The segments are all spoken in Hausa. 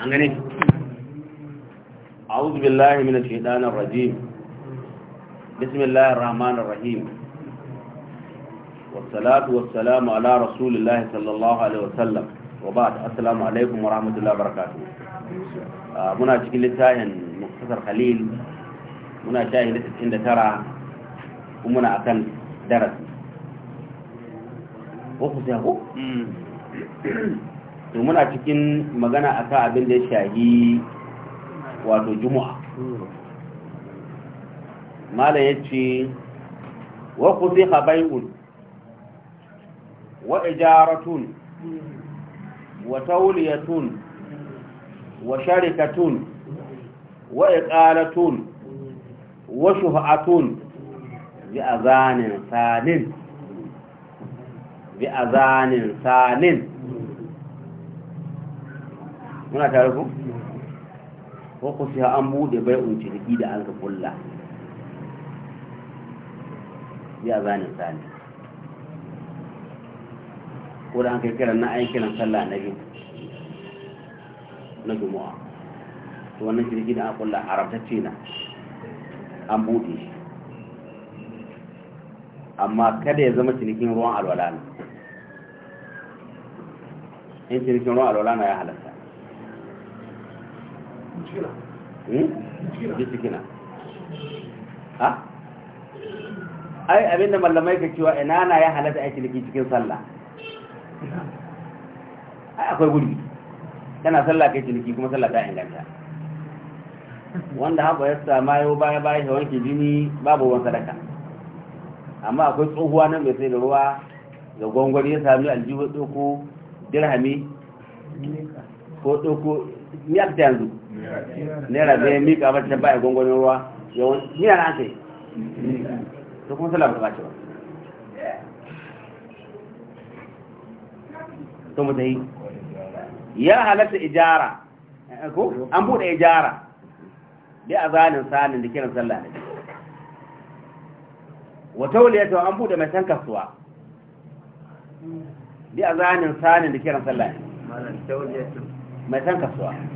an gane a'udhu billahi minash shaitanir rajim bismillahir rahmanir rahim muna cikin littafin muktasar khalil muna shahi na 69 kuma muna akan darasi ko ku sai ko mm. to muna cikin magana a ka abin da ya shahi wato juma'a ya ce wa qutika bai'un wa ijaratun wa tauliyatun wa sharikatun wa iqalatun wa shuh'atun bi azanin sanin bi azanin sanin muna tare ku ko ku sai an bude bai unci ciniki da an ga kulla ya zani zani ko da an kai kiran na aikin kiran sallah na biyu na juma'a to wannan ciniki da an kulla haramtacce na an bude shi amma kada ya zama cinikin ruwan alwala ne in cinikin ruwan alwala na ya halatta jikina hmm? ha ai abinda mallamai ka cewa ina na ya halatta aiki liki cikin sallah ai akwai gurbi kana sallah kai ciniki kuma sallah ta inganta wanda haka ya sama yau baya baya ya wanke jini babu wani sadaka amma akwai tsohuwa nan mai sai da ruwa ga gwangwani ya sami aljihu ɗauko dirhami ko ɗauko miyar yanzu naira da miƙa ba ta baya gwangwanin ruwa yawan ni na kai ta kuma sala ba ta ba to mu yi ya halatta ijara eh, ko an buɗe ijara bi azanin sanin da kiran sallah ne wa to an buɗe mai tankasuwa kasuwa bi azanin sanin da kiran sallah ne mai tankasuwa kasuwa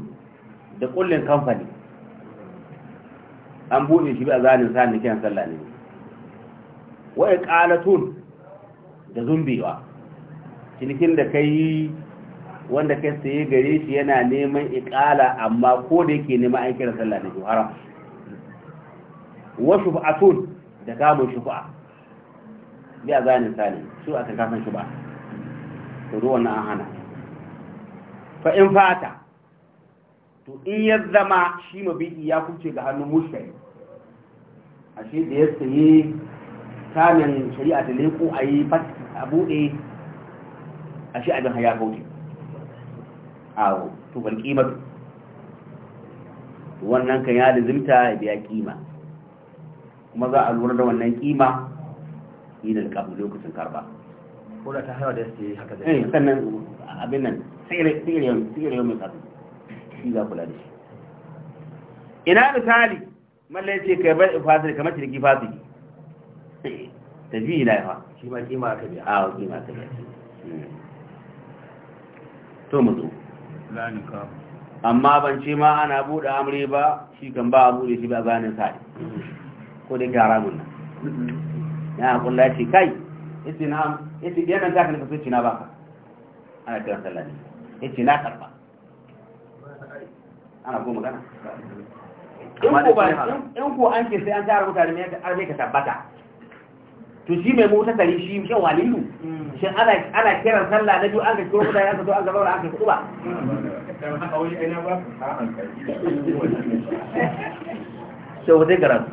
da kullin kamfani an buɗe shi a zanin sani ne kiyan sallah ne wa iqalatun da zumbiwa cinikin da kai wanda kai sai gare shi yana neman iqala amma ko da yake neman an kiran sallah ne to haram wa shufa'atun da kamun shufa'a bi a zanin sa su aka kafin shufa'a to ruwan an hana fa in fata to in ya zama shi mabiki ya kuce ga hannun mushkari ashe da ya saye kamin shari'a da leko a yi a buɗe ashe abin haya kauce awo to ban kimar wannan kan ya lizimta ya biya kima kuma za a lura da wannan kima yi da kafin lokacin karba ko da ta hanyar da ya sayi haka zai eh, sannan abin nan tsere yau mai kasu shi za kula da shi ina misali mallai ce kai bai fasiri kamar ciniki fasiri tafi ina yawa shi ma kima ka biya a kima ka biya to mu zo amma ban ce ma ana buɗe amri ba shi kan ba a buɗe shi ba zanen sa'i ko da gyara mun na. ya kulla ce kai yace na yace yana za ka nufa soci na baka ana kiran sallah ne yace na karba ana ko magana in ko an ce sai an tara mutane mai arzai ka tabbata to shi mai mota tare shi shan walilu hmm. shi ana kiran sallah na biyu an ka kiro mutane an ka zo an ka zaura an ka kudu ba sai wata garatu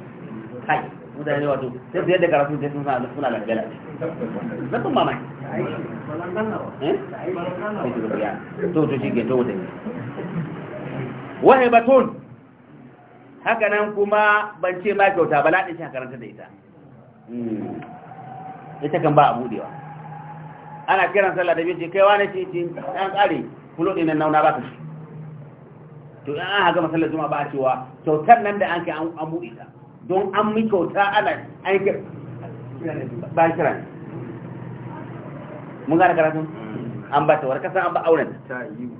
kai mutane wato sai su yadda garatu sai sun da suna lalgala na sun mamaki eh? to to shi ke to wata ne wahibatun haka nan kuma ban ce ma kyauta ba laɗin shan karanta da ita hmm. ita kan ba a budewa ana kiran sallah da bincin kaiwa wani ce ce ɗan ƙari kulo ɗin nan nauna ba ta shi to in an haka masallar zuma ba a cewa kyautar nan da an ke an buɗe ta don an mi kyauta ana an ba kiran mun gane karatun hmm. an ba ta warkasa an ba auren ta yi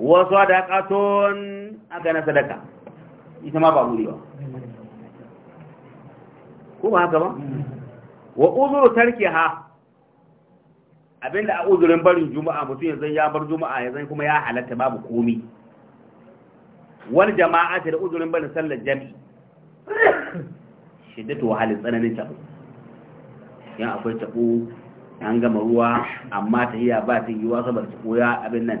wa sadaqatun aka na sadaka ita ma ba guri ba ko ba haka ba wa uzuru tarkiha abinda a uzurin barin juma'a mutum yanzu ya bar juma'a ya yanzu kuma ya halatta babu komi Wani jama'a ta da uzurin barin sallar Jami, shiddatu ta halin tsananin tabu yan akwai tabu an gama ruwa amma ta iya ba ta yiwa saboda tabo koya abin nan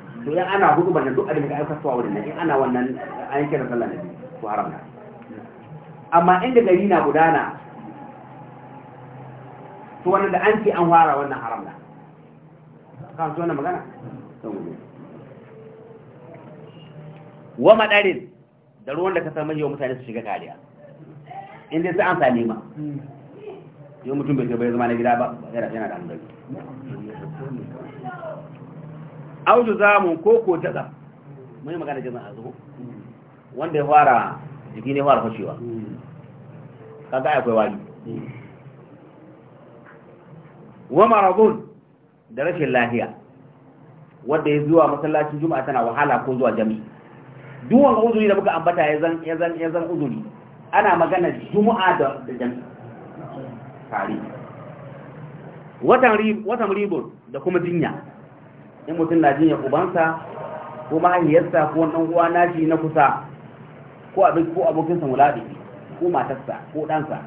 to yan ana hudu ban duk abin da aka kawo wurin nan in ana wannan an kira sallah ne to haram ne amma inda gari na gudana to wannan da an ce an fara wannan haram ne kan so wannan magana wa madarin da ruwan da ka samu yau mutane su shiga kariya in dai sai an sa ma yau mutum bai zama na gida ba yana da hankali auju zamun ko ko jaza mun yi magana jaza a zuwa wanda ya fara jiki ne fara fashewa kaga akwai wani wa maradun da rashin lahiya wanda ya zuwa masallacin juma'a tana wahala ko zuwa jami'i duwan uzuri da muka ambata ya zan uzuri ana magana juma'a da da jami'i tare watan ribon da kuma jinya in mutum na jin ya ubansa ko mahaifiyarsa ko wani uwa nashi na kusa ko abin ko sa mulaɗi ko matarsa ko ɗansa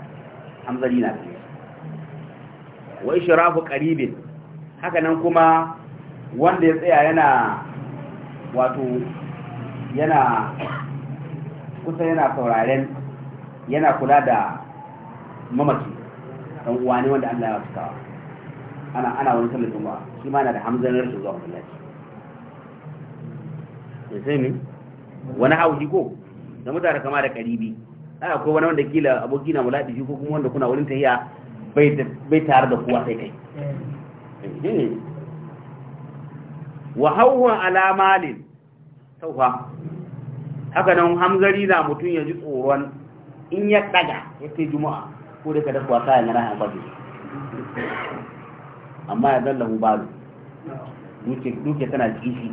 hamzari na ce wa ishrafu qaribin haka nan kuma wanda ya tsaya yana wato yana kusa yana sauraren yana kula da mamaci dan uwa ne wanda Allah ya wasuka ana ana wani sallar juma'a shi ma na da hamzan rashin zuwa masallaci ya sai ne wani haushi ko da mutane kama da karibi a ko wani wanda kila aboki na mulaɗi shi ko kuma wanda kuna wurin tahiya bai tare da kowa sai kai eh. wa hauhun alamalin sauha haka nan hamzari na mutum ya ji tsoron in ya ɗaga ya kai juma'a ko da ka dafa wasa yana ranar kwaje amma ya zalla mu balu duke tana kishi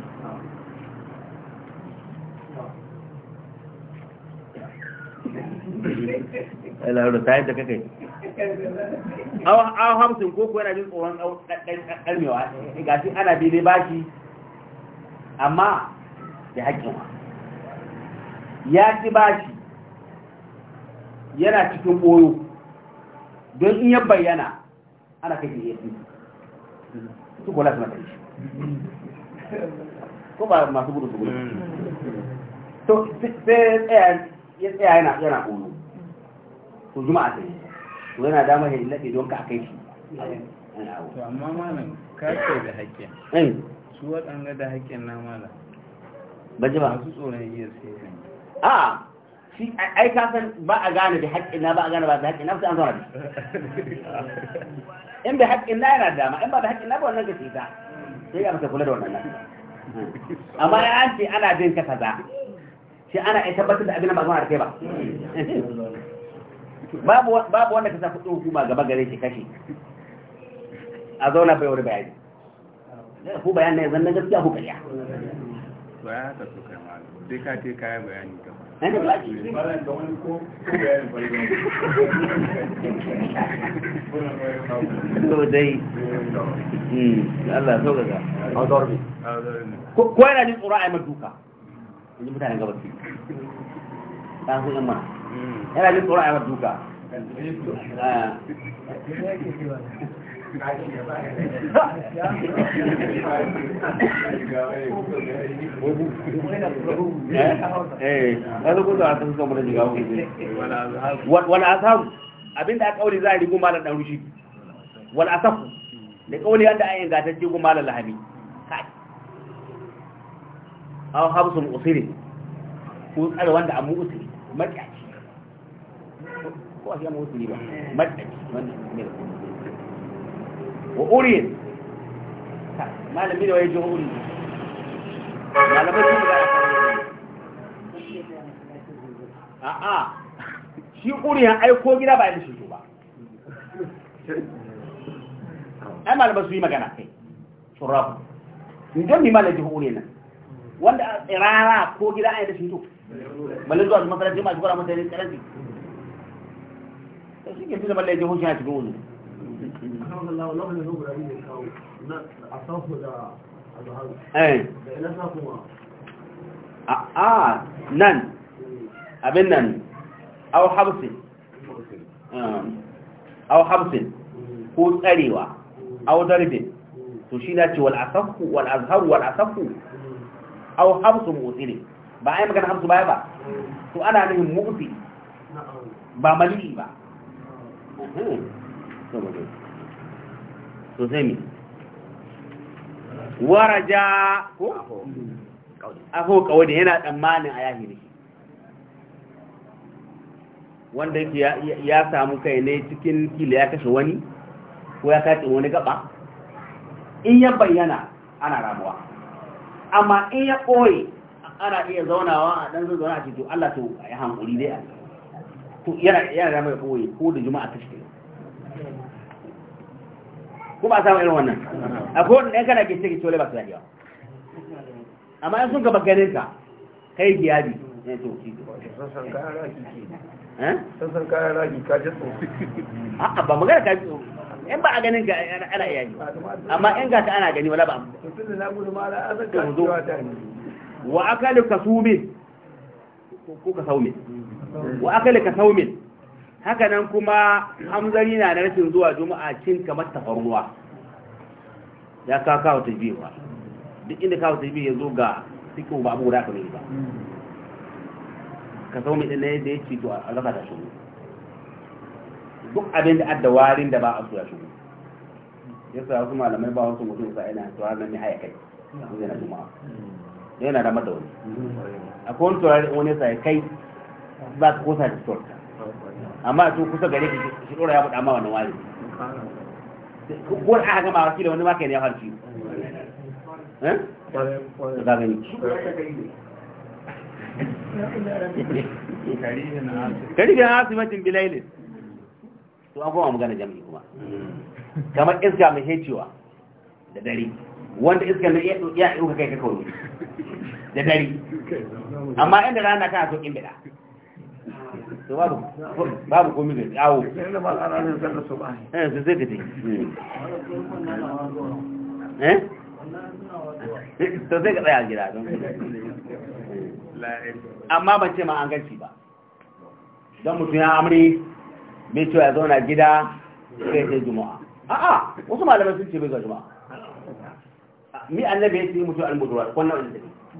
lauru ta yadda kakai awon hamsin ko kuwa yana jin tsohon ƙarmewa eh, ga shi ana ba bashi amma da haƙƙinwa ya ci bashi yana cikin ɓoyo don in ya bayyana ana kai yi ya fi su kula su matashi ko ba masu gudu su gudu to sai ya yana yana koyo to juma'a sai to yana damar ya laɗe don ka kai shi to amma malam ka ce da haƙƙin eh. su waɗanda da haƙƙin na malam ba ji ba su tsoron iya sai a shi ai ka san ba a gane da haƙƙin na ba a gane ba da haƙƙin na sai an zama in da haƙƙin na yana dama in ba da haƙƙin na ba wannan ka ta sai ya kula da wannan amma ya an ce ana bin ka kaza shi ana ya tabbatar da abin da ba zama da kai ba babu wanda ka sa kudin hukuma gaba gare shi kashe a zauna bai wani bayani ku bayan na yanzu na gaskiya ku kariya to ya su kai ma sai ka ce kaya bayani ka dai hmm, Allah so ko yana in ji yamma hmm. yana wani asaru abinda a kauli za a rigo malar ɗan rushi wani asafu da kauli yadda an ingantacce go malar lahami kai an sun usirin ko tsara wanda an mu usiri maƙyaci ko a fiye mu usiri ba maƙyaci wanda ne da wa malami da waye jin malamai sun da a'a shi urin ya aiko gida ba ya shi ba ai malamai su yi magana kai turabu idan ni malami jin nan wanda a tsirara ko gida a da shi to balle zuwa masallaci ma shugura mutane karanci to shi ke da cikin sallallahu a nan abin nan au habsin aw habsin ko tsarewa au darbin to shi na ce wal asafu wal azharu wal asafu ba ba mu'tili ba magana habsu baya ba to ana nufin mu'tili ba mali ba to sai mi waraja ko aho kawo da yana tsammanin a ne wanda ya samu kai ne cikin kila ya kashe wani ko ya kace wani gaba in ya bayyana ana ramuwa amma in ya koyi ana iya zaunawa a dan zauna a to Allah to ya hankuri dai to yana yana da mai koyi ko da juma'a ta shi ko ba a samu irin wannan akwai wanda ɗan kana gice gice wale ba su daɗewa amma in sun gaba ganin ka kai giyabi ne eh, to ki eh? sassan kayan raki ka ji tsoro a'a ba magana ka ji tsoro in ba a ganin ka ana iya yi amma in ta ana gani wala ba wa akali ka sumin ko ka saumin wa akali ka saumin haka nan kuma hamzari na rashin zuwa juma'a cin kamar tafarnuwa ya ka kawo tajbiwa duk inda kawo tajbi ya zo ga cikin ba abu guda ka mai ba ka sau mai ɗanayi da ya ci to a rasa ta shigo duk abin da adda warin da ba a su ya shigo sa wasu malamai ba wasu mutum sa yana to har nan ne haya kai zai na juma'a yana da mata wani akwai wani turare wani sa ya kai za ka kosa da storka amma to kusa gare ki shi dora ya faɗa ma wannan wani ko aka gama wakila wani ma kai ne ya fara ciwo eh da gani kari da matin bilailin to an kuma magana jami'i kuma kamar iska mai hecewa da dare wanda iska na ya ɗauka kai ka kawai da dare amma inda rana tana so in bida to babu babu da eh, eh? ka tsaya gida don amma ban ce mutum ya amri bai cewa ya zauna gida sai sai juma'a a'a wasu malamai sun ce bai zuwa juma'a mi annabi ya ce mutum al wannan wanda ne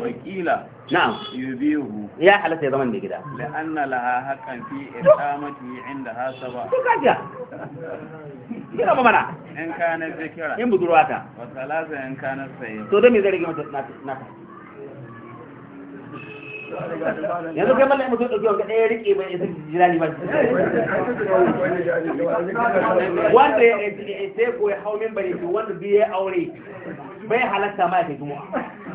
وكيلا نعم يبيه يا حلت يا ضمن كده لأن لها حقا في إقامته عندها سبا شو قاعد يا كده بمنا إن كان ذكرا إن بدرواتا وثلاثة إن كان سيئا تو دمي ذلك ما تتناك ناك يا دوك يمال لأمو تقول كيو كان إيريك إيبا إيزي جلالي ما وانت إيزيكو يحاو من بريكو وانت بيه أوري بيه حلت سماكي جمعا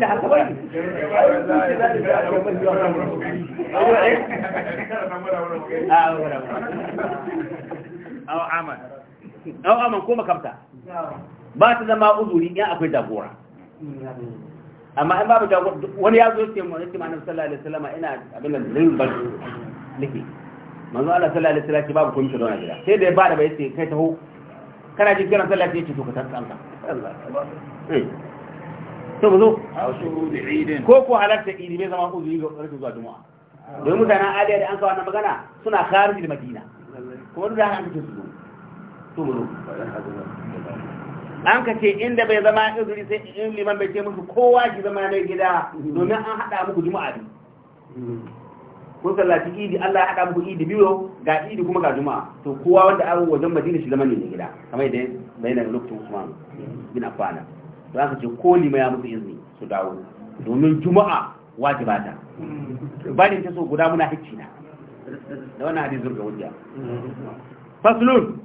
da haka bane aw aman aw aman ko makamta ba ta zama uzuri in akwai jagora amma in babu jagora wani ya zo ce mu cewa annabi sallallahu alaihi wasallam ina abin da zan bar liki manzo Allah sallallahu alaihi wasallam ce babu komai don gida sai da ba da bai ce kai taho kana jin kiran sallah sai ce to ka tsanta Allah eh. to mu zo ko ko halarta idi bai zama uzuri ga ƙarfi zuwa juma'a don mutanen aliya da an kawo na magana suna kharij da madina ko da an kace su to mu zo an kace inda bai zama uzuri sai in liman bai ce musu kowa ki zama na gida domin an hada muku juma'a ne kun sallaci idi Allah ya hada muku idi biyo ga idi kuma ga juma'a to kowa wanda an wajen madina shi zama ne gida kamar idan bayanan lokacin Usman bin Affan za su ce koli ma ya musu izini su dawo domin juma'a wajiba ta ne ta so guda muna hicci na da wannan hadin zurga hujja faslun